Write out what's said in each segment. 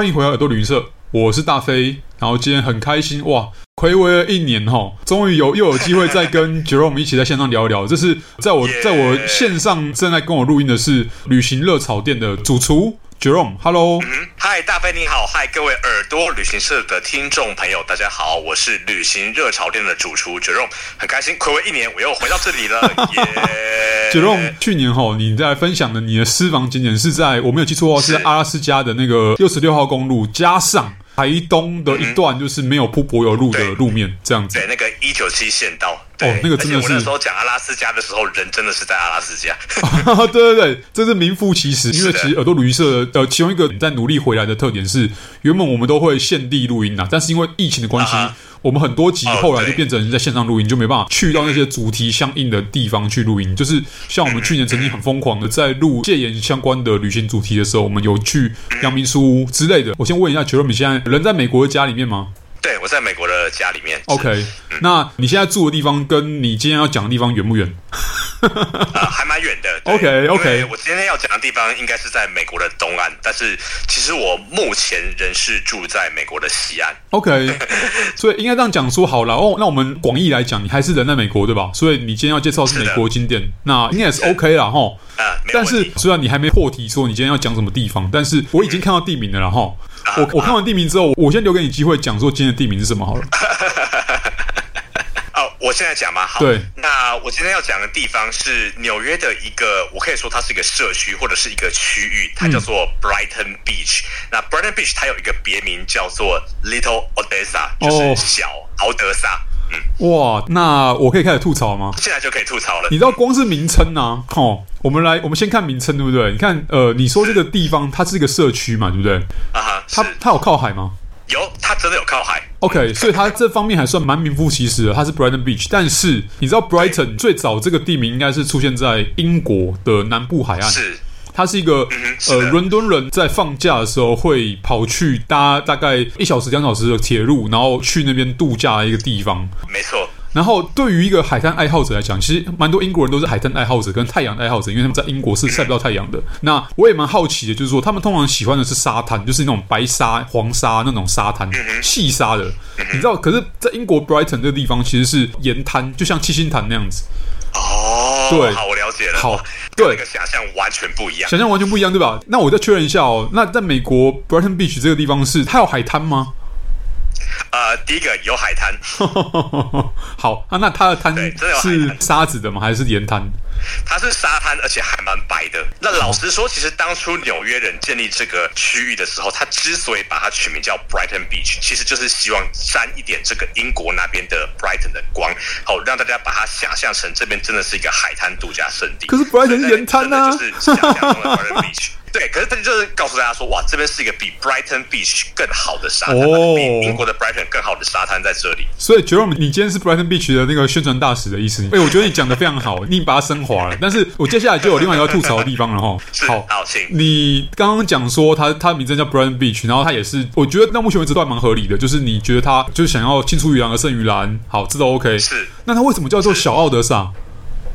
歡迎回來耳朵旅行社，我是大飛。然後今天很開心哇，暌違了一年哈、哦，終於有又有機會再跟 Jerome 一起在線上聊一聊。這是在我在我線上正在跟我錄音的是旅行熱炒店的主廚。Jerome，Hello，嗨，Jerome，嗯、Hi，大飛，你好，嗨，各位耳朵旅行社的聽眾朋友，大家好，我是旅行熱炒店的主廚 Jerome，很開心暌違一年，我又回到這裡了。 Yeah Jerome，去年哈，你在分享的你的私房景點是，在我沒有記錯哦，是，是在阿拉斯加的那個六十六號公路，加上。台東的一段就是沒有鋪柏油路的路面，這樣子，嗯。對，那個一九七縣道，對，那個真的是。我們那時候講阿拉斯加的時候，人真的是在阿拉斯加，哦。那個、真 對對對，這是名副其實，因為其實耳朵旅社呃，其中一個在努力回來的特點是，原本我們都會現地錄音吶，但是因為疫情的關係。啊我們很多集後來就變成在線上錄音，就沒辦法去到那些主題相應的地方去錄音。就是像我們去年曾經很瘋狂的在錄戒嚴相關的旅行主題的時候，我們有去陽明書屋之類的。我先問一下，Jerome 你現在人在美國的家裡面嗎？對，我在美國的家裡面。OK，那你現在住的地方跟你今天要講的地方遠不遠？啊，還蠻遠的。OK，OK，我今天要講的地方應該是在美國的東岸，但是其實我目前人是住在美國的西岸。OK，所以應該這樣講說好了哦。那我們廣義來講，你還是人在美國對吧？所以你今天要介紹的是美國景點，那應該也是 OK 了哈。但是雖然你還沒破題說你今天要講什麼地方，但是我已經看到地名了哈。我、uh, 我看完地名之後，uh, 我先留給你機會講說今天的地名是什麼好了。哦，我現在講嘛。對。好，那我今天要講的地方是紐約的一個，我可以說它是一個社區或者是一個區域，它叫做 Brighton Beach。嗯、那 Brighton Beach 它有一個別名叫做 Little Odessa，就是小敖德薩。Oh 嗯、哇，那我可以開始吐槽嗎？現在就可以吐槽了。你知道光是名稱呢、啊？哦、嗯，我們來，我們先看名稱，對不對？你看，呃，你說這個地方是它是一個社區嘛，對不對？啊哈它是它有靠海嗎？有，它真的有靠海。OK，看所以它這方面還算蠻名副其實的，它是 Brighton Beach。但是你知道，Brighton 最早這個地名應該是出現在英國的南部海岸。是。它是一個、嗯、是呃，倫敦人在放假的時候會跑去搭大概一小時、兩小時的鐵路，然後去那邊度假的一個地方。沒錯。然後對於一個海灘愛好者來講，其實蠻多英國人都是海灘愛好者跟太陽愛好者，因為他們在英國是曬不到太陽的。嗯、哼那我也蠻好奇的，就是說他們通常喜歡的是沙灘，就是那種白沙、黃沙那種沙灘，嗯、哼細沙的。嗯、哼你知道，可是在英國 Brighton 這個地方其實是鹽灘，就像七星潭那樣子。哦，oh, 對，好，我了解了。好，對，這個想象完全不一樣，想象完全不一樣，對吧？那我再確認一下哦。那在美國，Brighton Beach 這個地方是它有海灘嗎？呃，第一個有海灘， 好啊。那它的灘，灘是沙子的嗎？還是岩灘？它是沙灘，而且還蠻白的。啊、老實說，其實當初紐約人建立這個區域的時候，他之所以把它取名叫 Brighton Beach，其實就是希望沾一點這個英國那邊的 Brighton 的光，好讓大家把它想象成這邊真的是一個海灘度假勝地。可是，是、啊、真的就是想象中的 Brighton Beach。 對，可是他就是告訴大家說，哇，這邊是一個比 Brighton Beach 更好的沙灘，哦、比英國的 Brighton 更好的沙灘在這裡。所以覺得 m e 你今天是 Brighton Beach 的那個宣傳大使的意思。哎、欸，我覺得你講的非常好， 你把它升華了。但是我接下來就有另外一個吐槽的地方了哈。 是好，請你剛剛講說他他的名字叫 Brighton Beach，然後他也是，我覺得到目前為止都還蠻合理的。就是你覺得他就是想要青出於藍而勝於藍，好，這都 OK。是，那他為什麼叫做小奧德薩？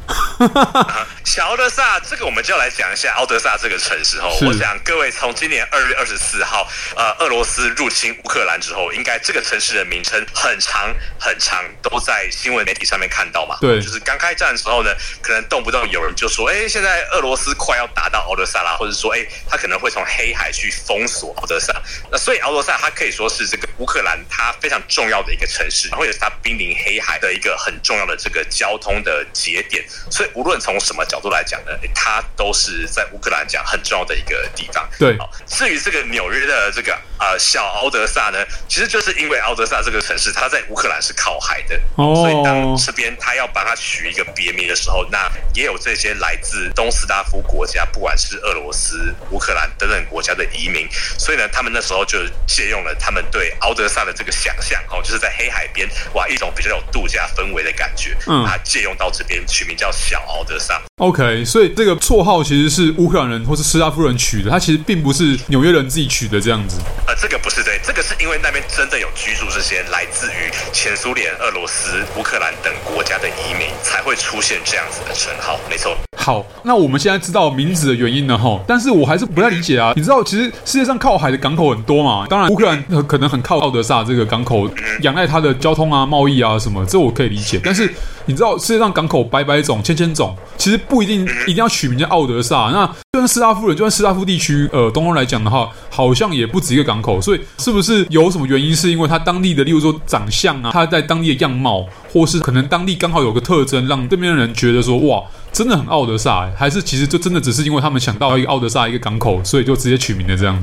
是 哈哈， 小奧德薩，這個我們就要來講一下奧德薩這個城市哈。是我想各位從今年二月二十四號呃，俄羅斯入侵烏克蘭之後，應該這個城市的名稱很長很長，都在新聞媒體上面看到嘛。對，就是剛開戰的時候呢，可能動不動有人就說，哎、欸，現在俄羅斯快要打到奧德薩啦，或者說，哎、欸，他可能會從黑海去封鎖奧德薩。那所以奧德薩它可以說是這個烏克蘭它非常重要的一個城市，然後也是它瀕臨黑海的一個很重要的這個交通的節點。所以所以無論從什麼角度來講呢，它都是在烏克蘭講很重要的一個地方。對，好，至於這個紐約的這個啊、呃、小敖德薩呢，其實就是因為敖德薩這個城市，它在烏克蘭是靠海的，oh. 所以當這邊他要幫他取一個別名的時候，那也有這些來自東斯拉夫國家，不管是俄羅斯、烏克蘭等等。的移民，所以呢，他們那時候就借用了他們對敖德薩的這個想象哦，就是在黑海邊，哇，一種比較有度假氛圍的感覺，嗯，他借用到這邊取名叫小敖德薩。OK，所以這個綽號其實是烏克蘭人或是斯拉夫人取的，他其實並不是紐約人自己取的這樣子。嗯這個不是對，這個是因為那邊真的有居住這些來自於前蘇聯、俄羅斯、烏克蘭等國家的移民，才會出現這樣子的稱號。沒錯。好，那我們現在知道名字的原因了吼，但是我還是不太理解啊。你知道，其實世界上靠海的港口很多嘛，當然烏克蘭可能很靠敖德薩這個港口，仰賴它的交通啊、貿易啊什麼，這我可以理解。但是你知道，世界上港口百百種、千千種，其實不一定一定要取名叫敖德薩。那斯拉夫人就算斯拉夫地區，呃，東歐來講的話，好像也不止一個港口，所以是不是有什麼原因？是因為他當地的，例如說長相啊，他在當地的樣貌，或是可能當地剛好有個特徵，讓對面的人覺得說，哇，真的很奧德薩欸，還是其實就真的只是因為他們想到一個奧德薩一個港口，所以就直接取名的這樣。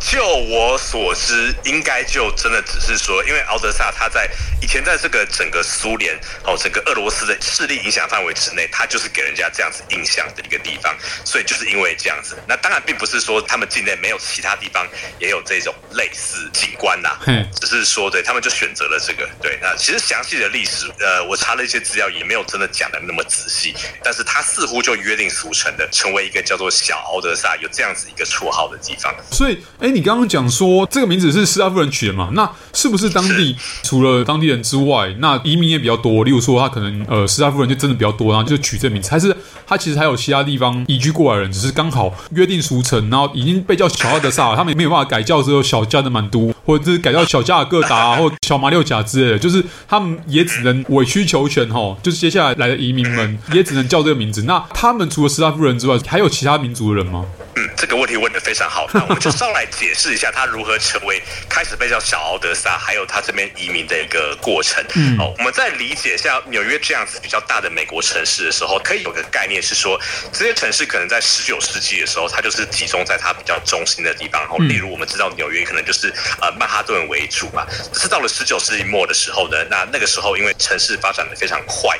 就我所知，應該就真的只是說，因為敖德薩他在以前在這個整個蘇聯哦，整個俄羅斯的勢力影響範圍之內，他就是給人家這樣子印象的一個地方，所以就是因為這樣子。那當然並不是說他們境內沒有其他地方也有這種類似景觀吶，嗯，只是說對他們就選擇了這個。對，那其實詳細的歷史，呃，我查了一些資料，也沒有真的講得那麼仔細，但是他似乎就約定俗成的成為一個叫做小敖德薩，有這樣子一個綽號的地方，所以。哎，你剛剛講說這個名字是斯拉夫人取的嘛？那是不是當地是除了當地人之外，那移民也比較多？例如說，他可能呃，斯拉夫人就真的比較多，然後就取這個名字。還是他其實還有其他地方移居過來人，只是剛好約定俗成，然後已經被叫小敖德薩，他們也沒有辦法改叫這個小加德滿都，或者是改叫小加爾各答或小馬六甲之類的，就是他們也只能委曲求全吼、哦。就是接下來來的移民們也只能叫這個名字。那他們除了斯拉夫人之外，還有其他民族的人嗎？嗯，這個問題問得非常好，那我就上來。 解釋一下他如何成為開始被叫小奧德薩，還有他這邊移民的一個過程。好、嗯，哦，我們在理解像紐約這樣子比較大的美國城市的時候，可以有個概念是說，這些城市可能在十九世紀的時候，它，就是集中在它比較中心的地方。然後，例如我們知道紐約可能就是呃曼哈頓為主嘛。是到了十九世紀末的時候呢，那那個時候因為城市發展得非常快，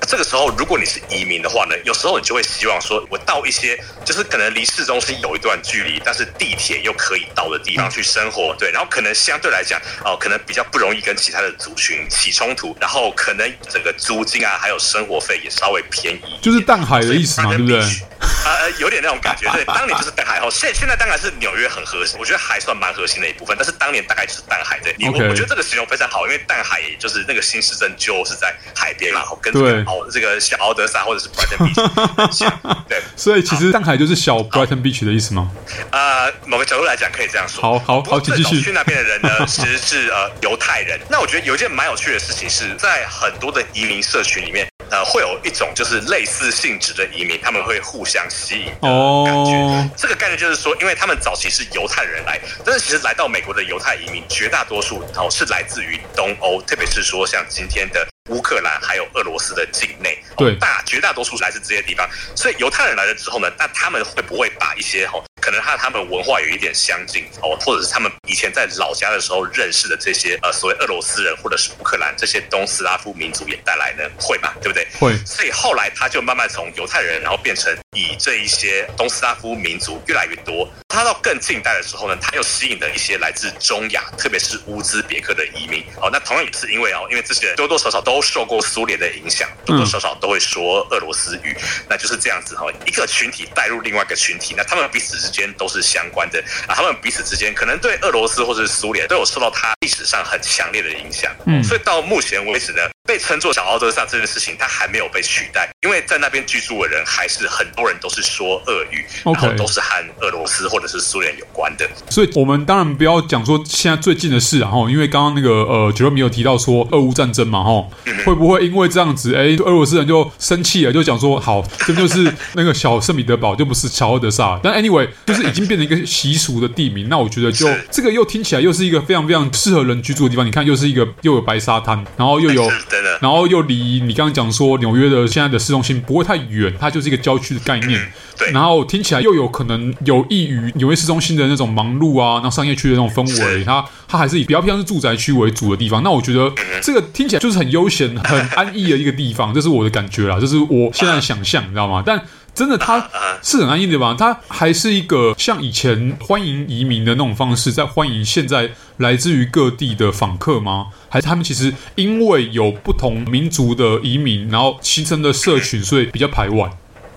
那這個時候如果你是移民的話呢，有時候你就會希望說我到一些就是可能離市中心有一段距離，但是地鐵又可。可以到的地方去生活，對，然後可能相對來講，哦、呃，可能比較不容易跟其他的族群起衝突，然後可能整個租金啊，還有生活費也稍微便宜，就是淡海的意思嗎？對不對？啊、呃，有點那種感覺。對，當年就是淡海哦。現在現在當然是紐約很核心，我覺得還算蠻核心的一部分。但是當年大概就是淡海對。Okay. 我我覺得這個形容非常好，因為淡海也就是那個新市鎮就是在海邊嘛，然後跟哦，這個小敖德薩或者是 Brighton Beach， 對。所以其實淡海就是小 Brighton Beach 的意思嗎啊？啊，某個角度來。這樣可以，這樣說，好好好，繼續。這去那邊的人呢，好其實是 呃猶太人。那我覺得有一件蠻有趣的事情是在很多的移民社群裡面，呃，會有一種就是類似性質的移民，他們會互相吸引哦，感、oh. 這個概念就是說，因為他們早期是猶太人來，但是其實來到美國的猶太移民絕大多數哦是來自於東歐，特別是說像今天的烏克蘭還有俄羅斯的境內，對，哦、大絕大多數來自這些地方。所以猶太人來了之後呢，那他們會不會把一些哦？可能他他們文化有一點相近哦，或者是他們以前在老家的時候認識的這些呃所謂俄羅斯人或者是烏克蘭這些東斯拉夫民族也帶來呢，會嘛，對不對？會，所以後來他就慢慢從猶太人，然後變成以這一些東斯拉夫民族越來越多。到更近代的時候呢，他又吸引了一些來自中亞，特別是烏茲別克的移民。哦，那同樣也是因為啊、哦，因為這些人多多少少都受過蘇聯的影響，多多少少都會說俄羅斯語。那就是這樣子哈、哦，一個群體帶入另外一個群體，那他們彼此之間都是相關的啊，他們彼此之間可能對俄羅斯或者是蘇聯都有受到他歷史上很強烈的影響。嗯，所以到目前為止呢，被稱作小敖德薩這件事情，他還沒有被取代，因為在那邊居住的人還是很多人都是說俄語，然後都是和俄羅斯或者，是蘇聯有關的，所以我們當然不要講說現在最近的事，啊，然後因為剛剛那個呃，Jerome 有提到說俄烏戰爭嘛，哈，會不會因為這樣子，哎、欸，俄羅斯人就生氣了，就講說好，這就是那個小聖彼得堡，就不是叫敖德薩。但 anyway，就是已經變成一個習俗的地名。那我覺得就，就是這個又聽起來又是一個非常非常適合人居住的地方。你看，又是一個又有白沙灘，然後又有，對然後又離你剛剛講說紐約的現在的市中心不會太遠，它就是一個郊區的概念。嗯、對，然後聽起來又有可能有益於。紐約市中心的那種忙碌啊，然後商業區的那種氛圍，是它它還是以比較偏向是住宅區為主的地方。那我覺得這個聽起來就是很悠閒、很安逸的一個地方，這是我的感覺啦，就是我現在的想象你知道嗎？但真的，它是很安逸的吧？它還是一個像以前歡迎移民的那種方式，在歡迎現在來自於各地的訪客嗎？還是他們其實因為有不同民族的移民，然後形成的社群，所以比較排外？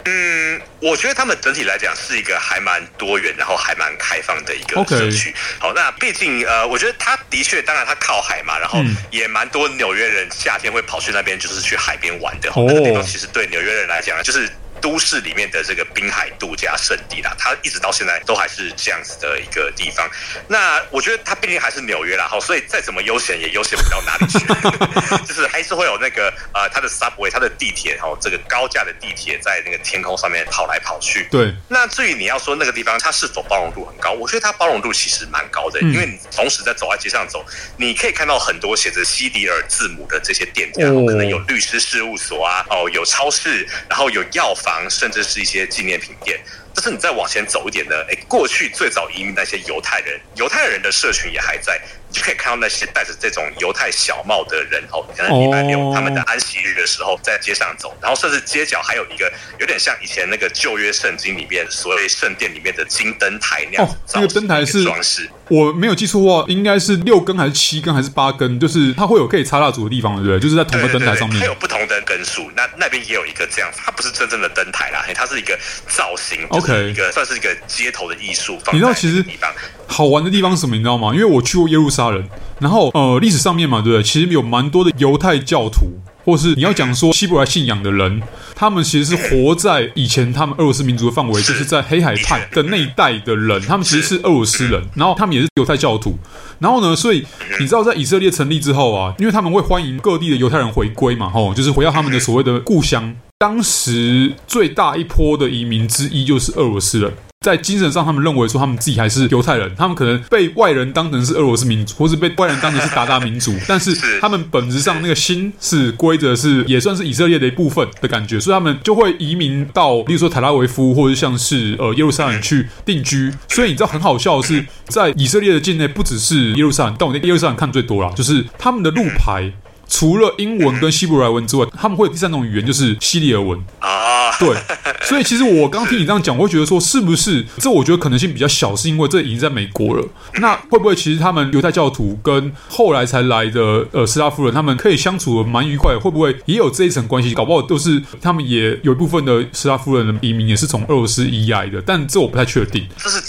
嗯。我覺得他們整體來講是一個還蠻多元，然後還蠻開放的一個社區。Okay. 好，那畢竟呃，我覺得他的確，當然他靠海嘛，然後也蠻多紐約人夏天會跑去那邊，就是去海邊玩的。嗯、那個地方其實對紐約人來講，就是。都市裡面的這個濱海度假勝地啦，它一直到現在都還是這樣子的一個地方。那我覺得它畢竟還是紐約啦，好，所以再怎麼悠閒也悠閒不到哪裡去， 就是還是會有那個呃，它的 subway，它的地鐵，然、喔、後這個高架的地鐵在那個天空上面跑來跑去。對。那至於你要說那個地方它是否包容度很高，我覺得它包容度其實蠻高的，嗯、因為同時在走在街上走，你可以看到很多寫着西里爾字母的這些店家，哦、可能有律師事務所啊，哦、喔，有超市，然後有藥房。甚至是一些紀念品店。就是你再往前走一點呢，哎、欸，過去最早移民那些猶太人，猶太人的社群也還在，你就可以看到那些戴着這種猶太小帽的人哦，可能禮拜六他們的安息日的時候在街上走，然後甚至街角還有一個有點像以前那個舊約聖經裡面所謂聖殿裡面的金燈臺那樣這、哦、那個燈臺是裝飾，我沒有記錯話應該是六根還是七根還是八根，就是它會有可以插蠟燭的地方，對不對？就是在同一個燈臺上面對對對對，它有不同燈根數，那那邊也有一個這樣子，它不是真正的燈臺啦、欸，它是一個造型。哦 Okay. 算是一個街頭的藝術，你知道其實好玩的地方是什麼你知道嗎？因為我去過耶路撒冷，然後呃歷史上面嘛，對不對？其實有蠻多的猶太教徒。或是你要講說希伯來信仰的人，他們其實是活在以前他們俄羅斯民族的範圍，就是在黑海畔的那一帶的人，他們其實是俄羅斯人，然後他們也是猶太教徒，然後呢，所以你知道在以色列成立之後啊，因為他們會歡迎各地的猶太人回歸嘛，吼，就是回到他們的所謂的故鄉，當時最大一波的移民之一就是俄羅斯人。在精神上，他們認為說他們自己還是猶太人，他們可能被外人當成是俄羅斯民族，或是被外人當成是韃靼民族，但是他們本質上那個心是歸着是也算是以色列的一部分的感覺，所以他們就會移民到，比如說特拉維夫，或者是像是呃耶路撒冷去定居。所以你知道很好笑的是，在以色列的境內，不只是耶路撒冷，但我在耶路撒冷看最多啦，就是他們的路牌。除了英文跟希伯來文之外，他們會有第三種語言，就是西里爾文啊。對，所以其實我剛剛聽你這樣講，我會覺得說，是不是這，我覺得可能性比較小，是因為這已經在美國了。那會不會其實他們猶太教徒跟後來才來的呃斯拉夫人，他們可以相處得蠻愉快，會不會也有這一層關係？搞不好就是他們也有一部分的斯拉夫人的移民也是從俄羅斯移來的，但這我不太確定。這是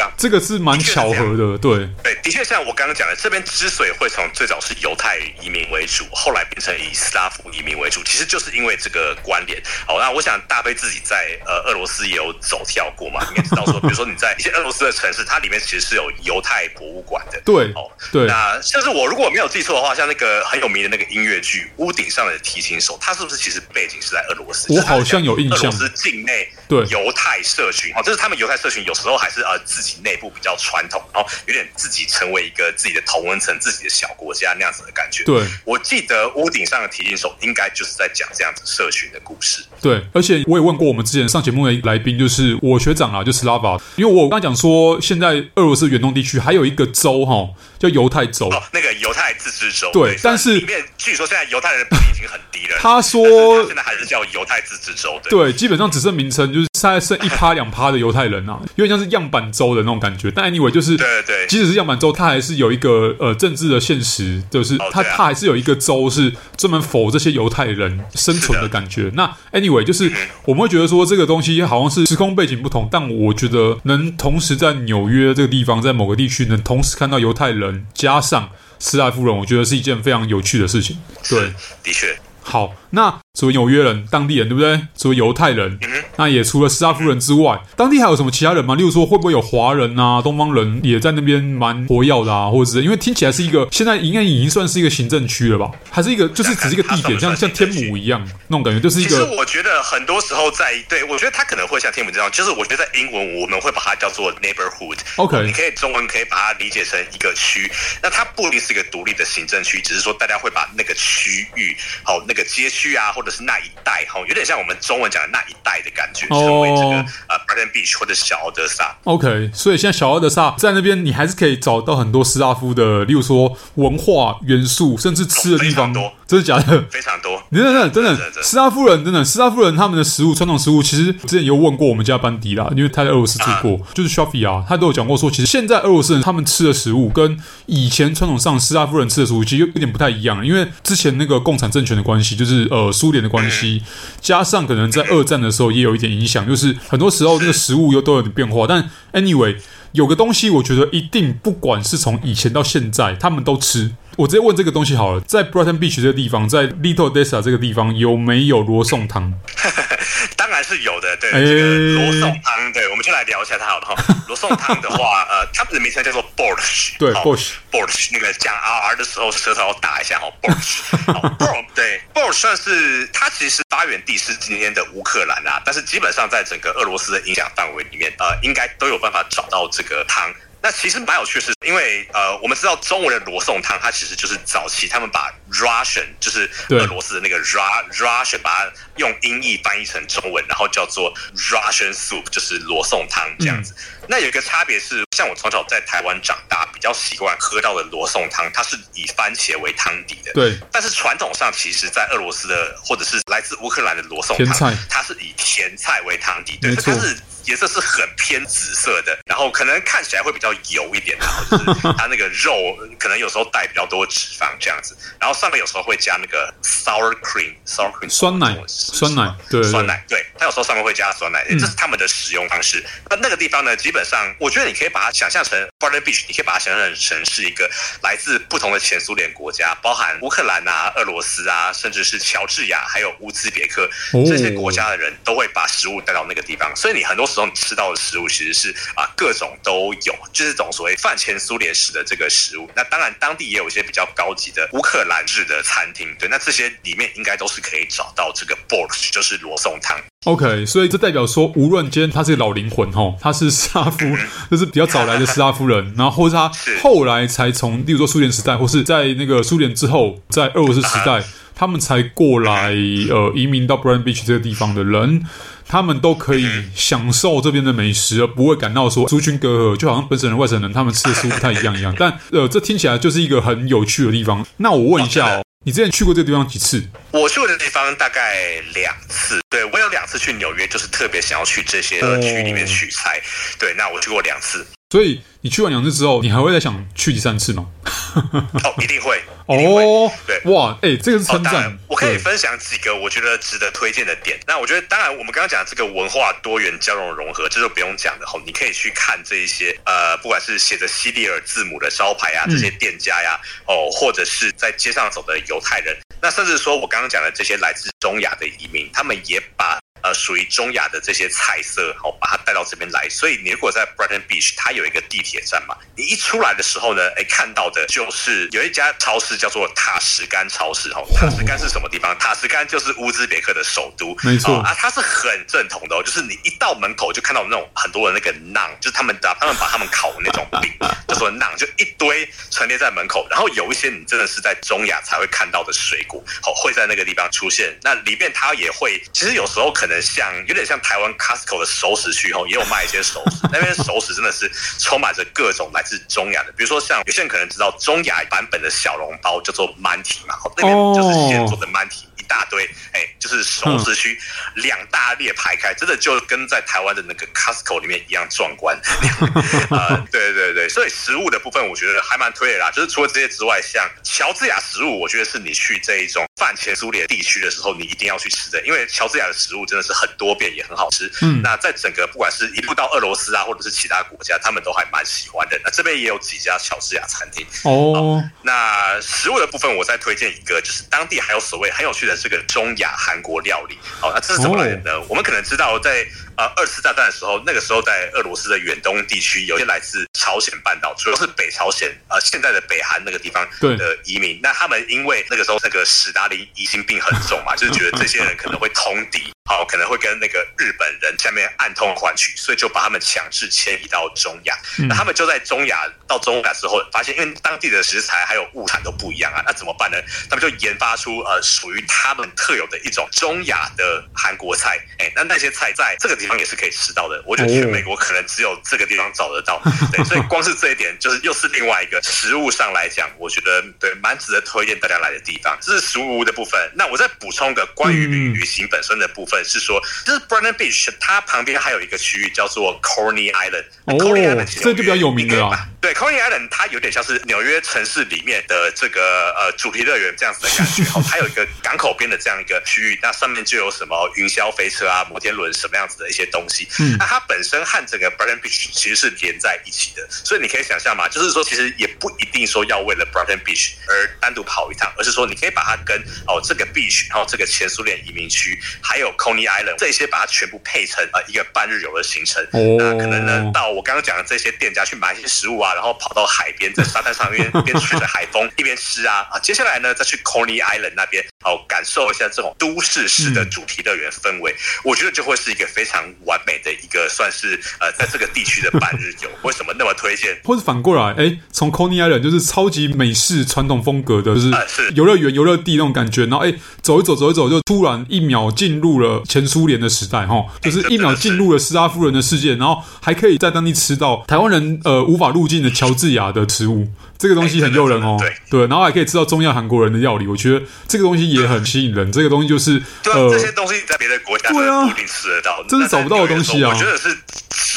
啊、這個是蠻巧合的，的對，對，的確像我剛剛講的，這邊之所以會從最早是猶太移民為主，後來變成以斯拉夫移民為主，其實就是因為這個關聯。好、哦，那我想大飛自己在呃俄羅斯也有走跳過嘛，應該知道說， 比如說你在一些俄羅斯的城市，它裡面其實是有猶太博物館的。對，哦，對。那像是我如果沒有記錯的話，像那個很有名的那個音樂劇《屋頂上的提琴手》，它是不是其實背景是在俄羅斯？我好像有印象，就是俄羅斯境內對猶太社群，對哦，這是他們猶太社群有時候還是呃。自己內部比較傳統，然後有點自己成為一個自己的同溫層、自己的小國家那樣子的感覺。對，我記得屋頂上的提琴手應該就是在講這樣子社群的故事。對，而且我也問過我們之前上節目的來賓，就是我學長啊，就是拉巴，因為我剛才講說現在俄羅斯遠東地區還有一個州哈，叫猶太州，哦、那個猶太，太，說太自治州。對，但是裡面據說現在猶太人的比例已經很低了。他說現在還是叫猶太自治州。對，基本上只剩名稱，就是現在剩一趴兩趴的猶太人啊， 有點像是樣板州。的那種感覺，但 anyway 就是，對對，即使是樣板州，它還是有一個呃政治的現實，就是、oh, 啊、它它還是有一個州是專門否這些猶太人生存的感覺。的那 anyway 就是，嗯、哼我們會覺得說這個東西好像是時空背景不同，但我覺得能同時在紐約這個地方，在某個地區能同時看到猶太人加上斯拉夫人，我覺得是一件非常有趣的事情。對，的確好。那。除了紐約人、當地人，對不對？除了猶太人，嗯、哼那也除了斯拉夫人之外，嗯、哼當地還有什麼其他人嗎？例如說，會不會有華人啊、東方人也在那邊蠻活躍的啊？或者是因為聽起來是一個，現在應該已經算是一個行政區了吧？還是一個，就是只是一個地點，像算算像天母一樣那種感覺？就是一個。其實我覺得很多時候在，對，我覺得他可能會像天母這樣，就是我覺得在英文我們會把它叫做 neighborhood okay。OK，你可以中文可以把它理解成一個區，那它不一定是一個獨立的行政區，只是說大家會把那個區域、好那個街區啊。或者是那一帶吼，有點像我們中文講的那一帶的感覺，成為這個呃 Brighton Beach 或者小敖德薩。OK，所以現在小敖德薩在那邊，你還是可以找到很多斯拉夫的，例如說文化元素，甚至吃的地方。哦真的假的？非常多，真的真的真的斯拉夫人，真的斯拉夫人他們的食物，傳統食物，其實之前有問過我們家班迪啦，因為他在俄羅斯住過，啊、就是 Shafi 啊，他都有講過說，其實現在俄羅斯人他們吃的食物跟以前傳統上斯拉夫人吃的食物其實有點不太一樣，因為之前那個共產政權的關係，就是呃蘇聯的關係，加上可能在二戰的時候也有一點影響，就是很多時候那個食物又都有點變化。但 anyway，有個東西我覺得一定不管是從以前到現在，他們都吃。我直接問這個東西好了，在 Brighton Beach 這個地方，在 Little Odessa 這個地方有沒有羅宋湯？ 當然是有的，對。欸，這個羅宋湯，對，我們就來聊一下它好了哈。 羅宋湯的話，呃，它的名稱叫做 Borsch，對，Borsch，Borsch，那個講 R R 的時候，舌頭打一下，哦。Borsch，好，Borsch， 對，Borsch，算是它其實發源地是今天的烏克蘭啊，但是基本上在整個俄羅斯的影響範圍裡面，呃，應該都有辦法找到這個湯。那其實蠻有趣，是因為呃，我們知道中文的羅宋湯，它其實就是早期他們把 Russian 就是俄羅斯的那個 Rus Russian，把它用音譯翻譯成中文，然後叫做 Russian soup，就是羅宋湯這樣子。嗯那有一個差別是，像我從小在台灣長大，比較習慣喝到的羅宋湯，它是以番茄為湯底的。對。但是傳統上，其實，在俄羅斯的或者是來自烏克蘭的羅宋湯，菜它是以甜菜為湯底，對，錯它是顏色是很偏紫色的，然後可能看起來會比較油一點，然後就是它那個肉 可能有時候帶比較多脂肪這樣子，然後上面有時候會加那個 sour cream，sour cream 酸奶、酸奶，對，對，酸奶，對，它，對，有時候上面會加酸奶，嗯，這是他們的使用方式。那那個地方呢？基本上，我覺得你可以把它想象成。Brighton Beach，你可以把它想象成是一個來自不同的前蘇聯國家，包含烏克蘭啊、俄羅斯啊，甚至是喬治亞，還有烏茲別克、哦、這些國家的人，都會把食物帶到那個地方。所以你很多時候你吃到的食物，其實是啊各種都有，就是種所謂“泛前蘇聯式”的這個食物。那當然，當地也有一些比較高級的烏克蘭式的餐廳。對，那這些裡面應該都是可以找到這個 borscht 就是羅宋湯。OK，所以這代表說，無論今天他是老靈魂哦，他是斯拉夫，就、嗯、哼是比較早來的斯拉夫人。 然後或是他後來才從，例如說蘇聯時代，或是在那個蘇聯之後，在俄羅斯時代，他們才過來呃移民到 Brighton Beach 這個地方的人，他們都可以享受這邊的美食，而不會感到說族群隔閡，就好像本省人、外省人他們吃的食物不太一樣一樣。但呃，這聽起來就是一個很有趣的地方。那我問一下，哦，你之前去過這個地方幾次？我去過的地方大概兩次。對，我有兩次去紐約，就是特別想要去這些區裡面取材。對，那我去過兩次。所以你去完兩次之後，你還會再想去第三次嗎？ 哦，一定會，定會哦，對，哇，哎、欸，這個是稱讚。哦欸、我可以分享幾個我覺得值得推薦的點。那我覺得，當然，我們剛剛講的這個文化多元交融融合，這就是、不用講的齁。你可以去看這一些呃，不管是寫着西里爾字母的招牌啊，這些店家呀、啊，哦、呃，或者是在街上走的猶太人，那甚至說我剛剛講的這些來自中亞的移民，他們也把。呃，屬於中亞的這些菜色，好、哦，把它帶到這邊來。所以你如果在 Brighton Beach，它有一個地鐵站嘛，你一出來的時候呢，哎、欸，看到的就是有一家超市叫做塔什干超市。哈、哦，塔什干是什麼地方？哦、塔什干就是烏茲別克的首都。沒錯錯、哦、啊，它是很正統的哦。就是你一到門口就看到那種很多的那個饢，就是他們他們把他們烤的那種餅， 就說饢就一堆陳列在門口。然後有一些你真的是在中亞才會看到的水果，好、哦、會在那個地方出現。那裡面它也會，其實有時候可能。像有點像台灣 Costco 的熟食區吼，也有賣一些熟食。 那邊熟食真的是充滿着各種來自中亞的，比如說像有些人可能知道中亞版本的小籠包叫做 Manti 嘛，那邊就是現做的 Manti。一大堆，哎、欸，就是熟食區兩大列排開，真的就跟在台灣的那個 Costco 裡面一樣壯觀樣、 呃。對對對，所以食物的部分我覺得還蠻推的啦。就是除了這些之外，像喬治亞食物，我覺得是你去這一種泛前蘇聯地區的時候，你一定要去吃的，因為喬治亞的食物真的是很多變也很好吃。嗯，那在整個不管是移步到俄羅斯啊，或者是其他國家，他們都還蠻喜歡的。那這邊也有幾家喬治亞餐廳。哦、呃，那食物的部分我再推薦一個，就是當地還有所謂很有趣的。這個中亞韓國料理，好、哦，那這是怎麼來的呢？Oh、我們可能知道在，在呃二次大戰的時候，那個時候在俄羅斯的遠東地區，有些來自朝鮮半島，主要是北朝鮮，呃，現在的北韓那個地方的移民。對 那他們因為那個時候那個史達林疑心病很重嘛，就是覺得這些人可能會通敵，好、 哦，可能會跟那個日本人下面暗通款曲，所以就把他們強制遷移到中亞。嗯、那他們就在中亞到中亞的時候發現因為當地的食材還有物產都不一樣啊，那怎麼辦呢？他們就研發出呃屬於。他們特有的一種中亞的韓國菜。哎、欸，那那些菜在這個地方也是可以吃到的。我覺得去美國可能只有這個地方找得到，oh. 對，所以光是這一點，就是又是另外一個食物上來講，我覺得對蠻值得推薦大家來的地方。這是食物的部分。那我再補充個關於旅行本身的部分、嗯、是說，就是 Brighton Beach 它旁邊還有一個區域叫做 Coney Island、Coney Island、oh, Island 這就比較有名了。對，Coney Island 它有點像是紐約城市裡面的這個呃主題樂園這樣子的感覺，然後還有一個港口邊的這樣一個區域， 那上面就有什麼雲霄飛車啊、摩天輪什麼樣子的一些東西。嗯，那它本身和整個 Brighton Beach 其實是連在一起的，所以你可以想象嘛，就是說其實也不一定說要為了 Brighton Beach 而單獨跑一趟，而是說你可以把它跟哦這個 beach，然後這個前蘇聯移民區，還有 Coney Island 這一些把它全部配成呃一個半日遊的行程。哦。那可能呢到我剛剛講的這些店家去買一些食物啊。然後跑到海邊，在沙灘上面一邊吹着海風 一邊吃啊啊！接下來呢，再去 Coney Island 那邊哦、啊，感受一下這種都市式的主題樂園氛圍。嗯、我覺得就會是一個非常完美的一個算是呃，在這個地區的半日遊。為什麼那麼推薦？或者反過來，哎，從 Coney Island 就是超級美式傳統風格的，就是遊樂園、遊樂地那種感覺。然後哎，走一走，走一走，就突然一秒進入了前蘇聯的時代哈、哦，就是一秒進入了斯拉夫人的世界。然後還可以在當地吃到台灣人呃無法入境。喬治亞的食物，這個東西很誘人哦。哎、對，對，然後還可以吃到中亞韓國人的料理，我覺得這個東西也很吸引人。對這個東西就是，對啊、呃，這些東西你在別的國家不一定吃得到，真是找不到的東西啊。我覺得是。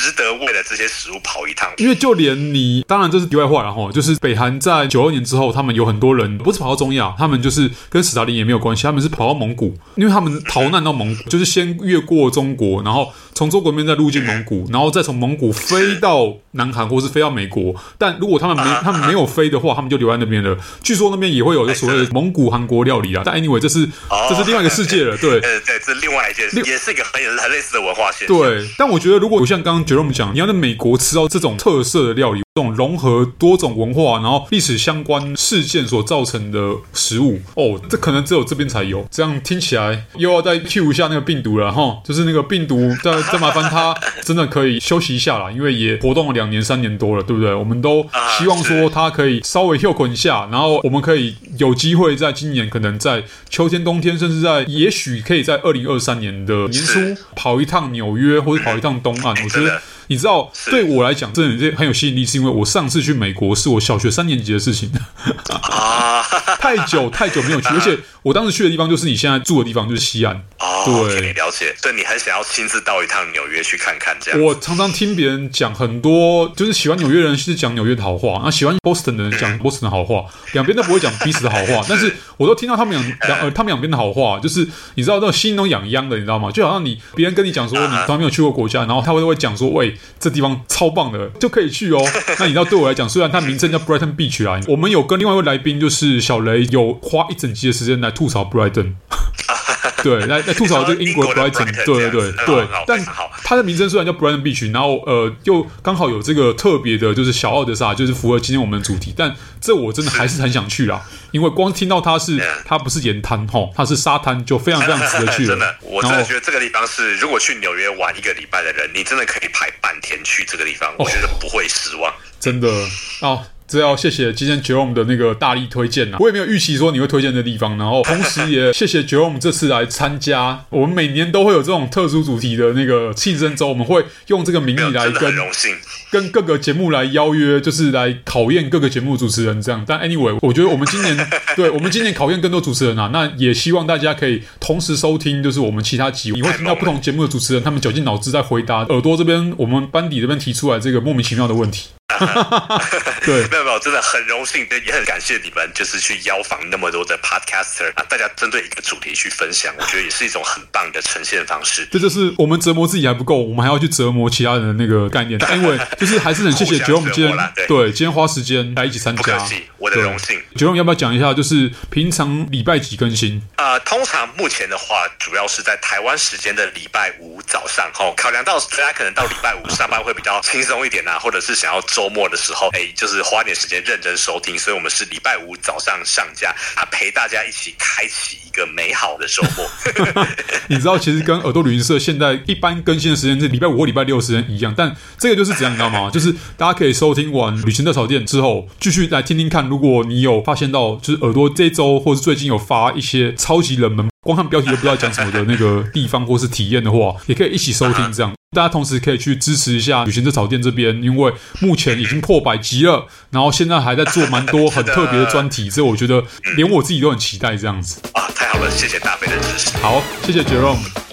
值得為了這些食物跑一趟，因為就連你，當然這是題外話，然後、哦、就是北韓在九二年之後，他們有很多人不是跑到中亞，他們就是跟史達林也沒有關係，他們是跑到蒙古，因為他們逃難到蒙古，嗯、哼就是先越過中國，然後從中國那邊再入境蒙古，嗯、哼然後再從蒙古飛到南韓，是或是飛到美國。但如果他們沒，他們沒有飛的話，他們就留在那邊了。據說那邊也會有所謂的蒙古韓國料理啦。哎、但 anyway，這是這是另外一個世界了，哦、對，對、哎、對，是另外一件事，裡也是一個很很類似的文化。對，但我覺得如果像剛剛講。我們講，你要在美國吃到這種特色的料理，這種融合多種文化，然後歷史相關事件所造成的食物，哦，這可能只有這邊才有。這樣聽起來，又要再 cue 一下那個病毒了哈，就是那個病毒再再麻煩他，真的可以休息一下啦，因為也活動了兩年三年多了，對不對？我們都希望說他可以稍微 c 捆一下，然後我們可以。有機會在今年，可能在秋天、冬天，甚至在也許可以在二零二三年的年初跑一趟紐約，或者跑一趟東岸，我覺得。你知道，是對我來講，這很這很有吸引力，是因為我上次去美國是我小學三年級的事情啊， 太久太久沒有去，啊、而且我當時去的地方就是你現在住的地方，就是西岸哦。對，哦、okay, 你了解，所以你還想要親自到一趟紐約去看看，這樣。我常常聽別人講很多，就是喜歡紐約人是講紐約的好話，那、啊、喜歡 Boston 的人講 Boston 的好話，嗯、兩邊都不會講彼此的好話， 但是我都聽到他們兩兩呃他們兩邊的好話，就是你知道那種心都癢癢的，你知道嗎？就好像你別人跟你講說你從來沒有去過國家，啊、然後他會會講說喂。欸這地方超棒的，就可以去哦。 那你知道對我來講，雖然它名稱叫 Brighton Beach 來、啊，我們有跟另外一位來賓就是小雷，有花一整集的時間來吐槽 Brighton， 對，來來吐槽這個英國的 Brighton，對對對對，對但。它的名稱雖然叫 Brighton Beach，然後呃，又剛好有這個特別的，就是小奧德薩，就是符合今天我們的主題。但這我真的還是很想去啦，是因為光聽到它是它 不是鹽灘吼，它、哦，是沙灘，就非常非常值得去了。 真的，後我真的覺得這個地方是，如果去紐約玩一個禮拜的人，你真的可以排半天去這個地方，哦，我覺得不會失望。真的哦。這要謝謝今天 Jerome 的那個大力推薦吶、啊，我也沒有預期說你會推薦的地方，然後同時也謝謝 Jerome 這次來參加。我們每年都會有這種特殊主題的那個慶生周，我們會用這個名義來跟跟各個節目來邀約，就是來考驗各個節目的主持人這樣。但 anyway，我覺得我們今年對我們今年考驗更多主持人啊，那也希望大家可以同時收聽，就是我們其他幾位你會聽到不同節目的主持人，他們絞盡腦汁在回答耳朵這邊，我們班底這邊提出來這個莫名其妙的問題。對，沒有沒有，真的很榮幸，也也很感謝你們，就是去邀訪那麼多的 podcaster 啊，大家針對一個主題去分享，我覺得也是一種很棒的呈現方式。 這就是我們折磨自己還不夠，我們還要去折磨其他人的那個概念。 但因為就是還是很謝謝 Jerome 今天，對，對，今天花時間來一起參加，不客氣，我的榮幸。Jerome 要不要講一下，就是平常禮拜幾更新？呃，通常目前的話，主要是在台灣時間的禮拜五早上，吼，考量到大家可能到禮拜五上班會比較輕鬆一點啊 或者是想要走週末的時候，哎、欸，就是花點時間認真收聽，所以我們是禮拜五早上上架，啊，陪大家一起開啟一個美好的週末。你知道，其實跟耳朵旅行社現在一般更新的時間是禮拜五或禮拜六的時間一樣，但這個就是怎樣，你知道嗎？ 就是大家可以收聽完《旅行熱炒店》之後，繼續來聽聽看，如果你有發現到，就是耳朵這周或是最近有發一些超級冷門。光看標題都不知道講什麼的那個地方或是體驗的話，也可以一起收聽這樣，大家同時可以去支持一下旅行熱炒店這邊，因為目前已經破百集了，然後現在還在做蠻多很特別的專題，所以我覺得連我自己都很期待這樣子。啊，太好了，謝謝大飛的支持，好，謝謝 Jerome。